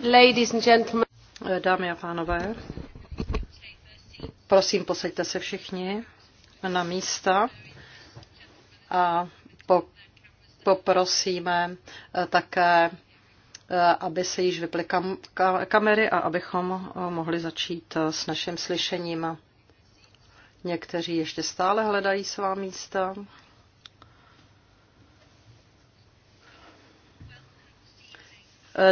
Ladies and gentlemen. Dámy a pánové, prosím, posaďte se všichni na místa a po, poprosíme eh, také, eh, aby se již vyply kam, kamery a abychom eh, mohli začít s naším slyšením. Někteří ještě stále hledají svá místa.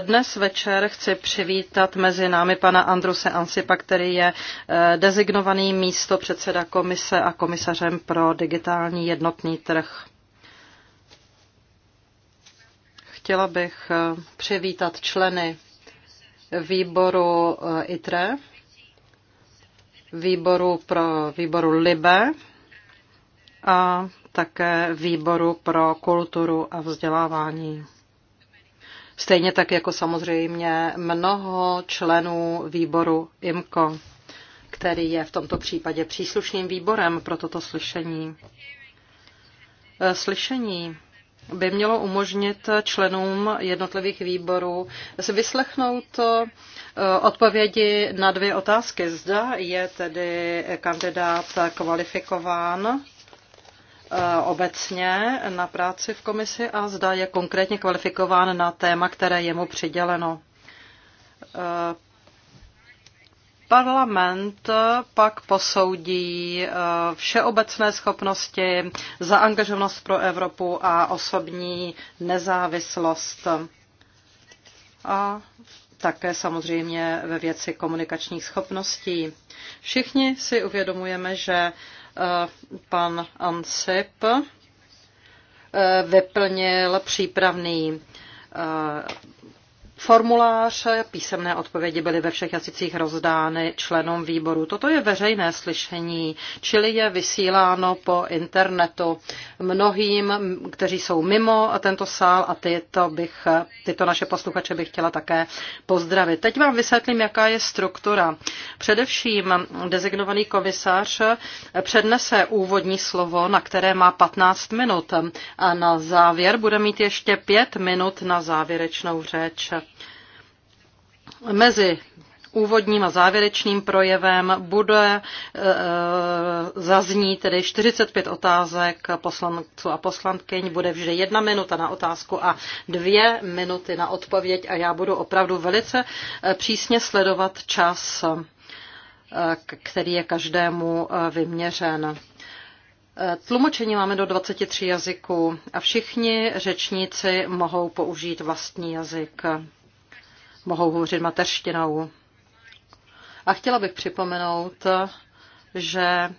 Dnes večer chci přivítat mezi námi pana Andruse Ansipa, který je eh, dezignovaný místo předseda komise a komisařem pro digitální jednotný trh. Chtěla bych eh, přivítat členy výboru eh, ITRE, výboru pro výboru LIBE a také výboru pro kulturu a vzdělávání. Stejně tak jako samozřejmě mnoho členů výboru IMCO, který je v tomto případě příslušným výborem pro toto slyšení. E, slyšení by mělo umožnit členům jednotlivých výborů si vyslechnout e, odpovědi na dvě otázky. Zda je tedy kandidát kvalifikován Eh, obecně na práci v komisi a zda je konkrétně kvalifikován na téma, které je mu přiděleno. Eh, parlament pak posoudí eh, všeobecné schopnosti, zaangažovanost pro Evropu a osobní nezávislost. A také samozřejmě ve věci komunikačních schopností. Všichni si uvědomujeme, že eh, pan Ansip eh, vyplnil přípravný eh, Formulář písemné odpovědi byly ve všech jazycích rozdány členům výboru. Toto je veřejné slyšení, čili je vysíláno po internetu mnohým, kteří jsou mimo tento sál a tyto, bych, tyto naše posluchače bych chtěla také pozdravit. Teď vám vysvětlím, jaká je struktura. Především dezignovaný komisař přednese úvodní slovo, na které má 15 minut a na závěr bude mít ještě 5 minut na závěrečnou řeč mezi úvodním a závěrečným projevem bude e, e, zazní tedy 45 otázek poslanců a poslankyň. Bude vždy jedna minuta na otázku a dvě minuty na odpověď a já budu opravdu velice e, přísně sledovat čas, který je každému vyměřen. Tlumočení máme do 23 jazyků a všichni řečníci mohou použít vlastní jazyk mohou hovořit mateřštinou. A chtěla bych připomenout, že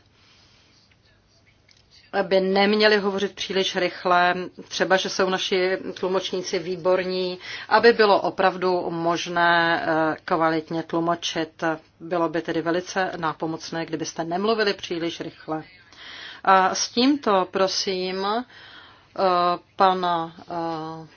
aby neměli hovořit příliš rychle, třeba, že jsou naši tlumočníci výborní, aby bylo opravdu možné eh, kvalitně tlumočit. Bylo by tedy velice nápomocné, kdybyste nemluvili příliš rychle. A s tímto prosím eh, pana eh,